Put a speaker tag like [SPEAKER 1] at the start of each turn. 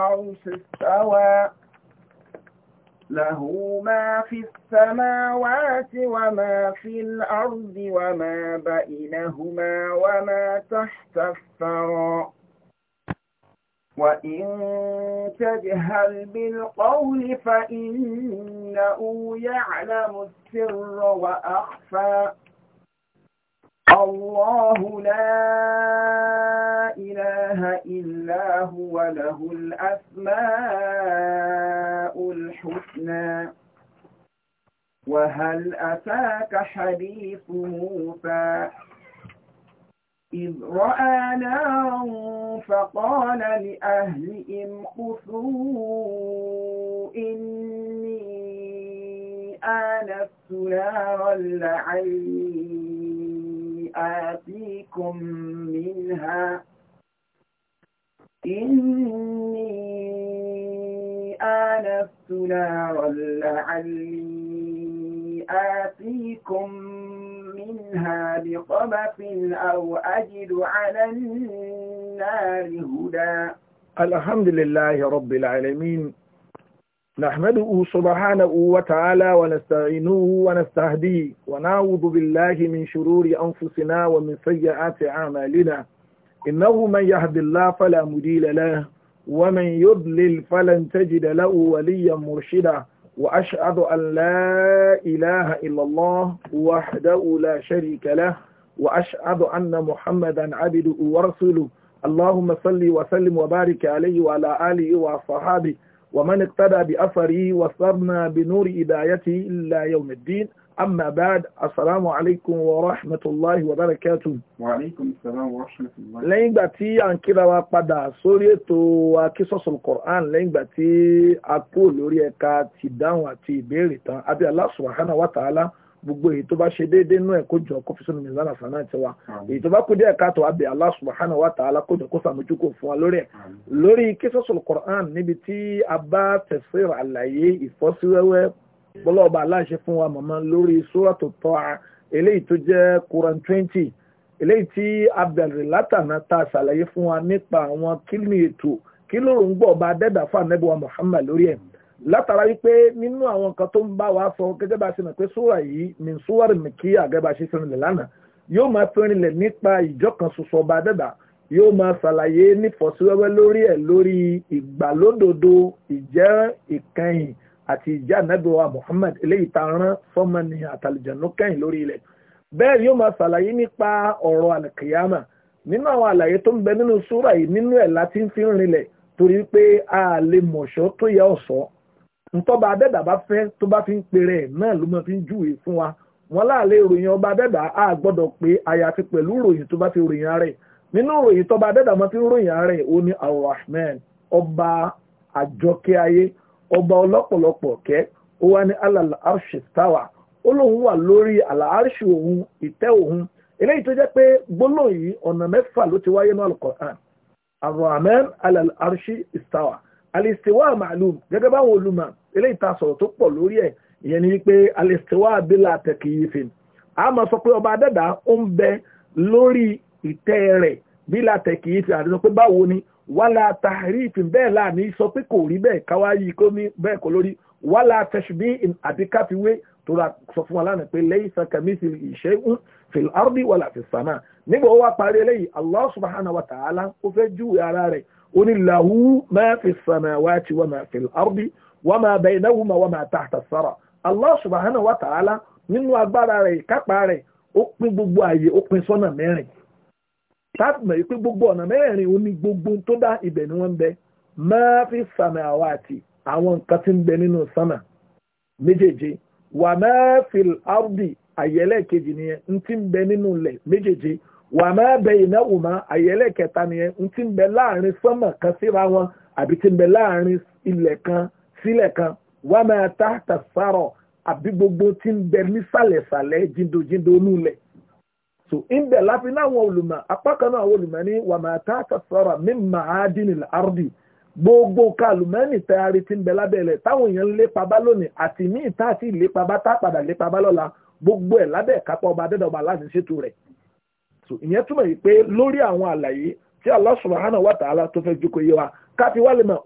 [SPEAKER 1] العرش استوى له ما في السماوات وما في الأرض وما بينهما وما تحت الثرى وإن تجهل بالقول فإنه يعلم السر وأخفى الله لا إله إلا هو له الأسماء الحسنى وهل أتاك حديث موسى إذ رأى نارا فقال لأهلهم خذوا إني آنست نارا لعلي آتيكم منها إني آنست نارا لعلي آتيكم منها بقبس أو أجد على النار هدى
[SPEAKER 2] الحمد لله رب العالمين نحمده سبحانه وتعالى ونستعينه ونستهديه ونعوذ بالله من شرور أنفسنا ومن سيئات أعمالنا إنه من يهد الله فلا مديل له ومن يضلل فلن تجد له وليا مرشدا وأشهد أن لا إله إلا الله وحده لا شريك له وأشهد أن محمدا عبده ورسوله اللهم صل وسلم وبارك عليه وعلى آله وصحابه ومن اقتدى بأثره واستبنى بنور هدايته إلا يوم الدين أما بعد السلام عليكم ورحمة الله وبركاته وعليكم السلام
[SPEAKER 1] ورحمة الله
[SPEAKER 2] lẹ́yìn ìgbà tí a ń kíra wa padà sórí ètò akísọ́sọ̀ Qur'an lẹ́yìn ìgbà tí a kú lórí ẹ̀ka ti dáhùn àti ìbéèrè tán abẹ́ Allah subhanahu wa ta'ala gbogbo èyí tó bá ṣe déédéé nú ẹ̀ kó jọ kó fi sínú mizan àṣà náà ti wa èyí tó bá kú díẹ̀ káàtó abẹ Allah subhanahu wa ta'ala kó kó sàmójúkò fún wa lórí ẹ̀ lórí kíṣọ́sọ̀ Qur'an níbi tí a bá tafsir àlàyé ìfọ́síwẹ́wẹ́ bọ́lọ́ọ̀bà aláṣẹ fún wa màmá lórí suratu Taha eléyìí tó jẹ́ Quran twenty eléyìí tí a bẹ̀rẹ̀ látàná ta ṣàlàyé fún wa nípa àwọn kílùmí ètò kílùrù ń gbọ̀ bá dẹ́dà fún wa Muhammad lórí látara wípé nínú àwọn nǹkan tó ń bá wa sọ gẹ́gẹ́ bá ṣe mọ̀ pé súwà yìí min súwárì mi kí àgẹ́bà ṣe fẹ́ràn lẹ̀ lánàá yóò máa fẹ́ràn lẹ̀ nípa ìjọkan ṣoṣo ọba adẹ́dà yóò máa ṣàlàyé nífọ̀síwẹ́wẹ́ lórí ẹ̀ lórí ìgbàlódodo ìjẹ́ ìkẹyìn àti ìjẹ́ ànábìwá Muhammad eléyìí ta rán fọ́mọ́ni àtàlùjẹ̀nú kẹ́yìn lórí ilẹ̀ bẹ́ẹ̀ yóò máa ṣàlàyé nípa ọ̀rọ̀ àlùkìyàmà nínú àwọn àlàyé tó ń bẹ nínú súrà yìí nínú ẹ̀ láti ń fi ń rinlẹ̀ torí pé a lè mọ̀ṣọ́ tó yẹ ọ̀ṣọ́ ntọ́ba abẹ́dà bá fẹ́ tó bá fi ń pèrè ẹ̀ náà ló máa fi ń júwèé fún wa wọn láàlẹ́ ìròyìn ọba abẹ́dà á gbọ́dọ̀ pé àyàfi pẹ̀lú ìròyìn tó bá fi ròyìn ara ẹ̀ nínú ìròyìn tọ́ba abẹ́dà máa fi ń ròyìn ara ẹ̀ ó ní Ar-Rahman ọba àjọkẹ́ ayé ọba ọlọ́pọ̀lọpọ̀ kẹ́ ó wá ní alàlà arṣì táwà ó lóun wà lórí àlà arṣì òun ìtẹ́ òun eléyìí tó jẹ́ pé gbólóhùn ọ̀nà mẹ́fà ló ti wáyé ní al alistiwa ma'lum gẹ́gẹ́ báwọn olùmọ̀ eléyìí ta sọ̀rọ̀ tó pọ̀ lórí ẹ̀ ìyẹn ni wípé alistiwa bila takyifin a máa sọ pé ọba adẹ́dà ó ń bẹ lórí ìtẹ́ rẹ̀ bila takyifin àti sọ pé báwo ni wàlá tahrifin bẹ́ẹ̀ láàní sọ pé kò rí bẹ́ẹ̀ káwá kó ní bẹ́ẹ̀ kó lórí wàlá tashbihin àbíkáfiwé tó ra sọ fún wa lánàá pé laysa kamithlihi shay'un fil ardi wala fis sama nígbà ó wá parí eléyìí Allah subhanahu wa ta'ala ó fẹ́ júwe ara rẹ̀ ó ní lahu ma fis samawati wa ma fil ardi wa ma baynahuma wa ma tahta as-sara Allah subhanahu wa ta'ala nínú agbára rẹ̀ ìkápá rẹ̀ ó pín gbogbo ààyè ó pín sọ́nà mẹ́rin táàmù yìí gbogbo ọ̀nà mẹ́rin ó ní gbogbo tó dá ibẹ̀ ni wọ́n ń bẹ ma fis samawati àwọn nǹkan tí ń bẹ nínú sánà méjèèjì wà máa fil ardi àyẹ̀lẹ̀ kejì nìyẹn ń ti ń bẹ nínú ilẹ̀ méjèèjì wà máa bẹ ìnáwùmá àyẹ̀lẹ̀ kẹta nìyẹn ń ti ń bẹ láàrin sánmà kan síra wọn àbí ti ń bẹ láàrin ilẹ̀ kan sílẹ̀ kan wà máa tahta sárọ̀ àbí gbogbo ti ń bẹ nísàlẹ̀sàlẹ̀ jíndojíndo nù lẹ̀ so ìbẹ̀ láfi náà àwọn olùmọ̀ apá kan náà àwọn olùmọ̀ ní wà máa tahta sárọ̀ min ardi gbogbo kàlùmẹ́nì tẹ ari ti ń bẹ lábẹ́lẹ̀ táwọn èèyàn ń lépa bá lónìí àti ní ìta àti ìlépa bá tá padà lépa bá lọ́la gbogbo ẹ̀ lábẹ́ ìkápá ọba adẹ́dọ̀ba láti ṣètò rẹ̀ so ìyẹn túmọ̀ yìí pé lórí àwọn àlàyé tí Allah subhanahu wa ta'ala tó fẹ́ jókòó yé wa káfí mọ̀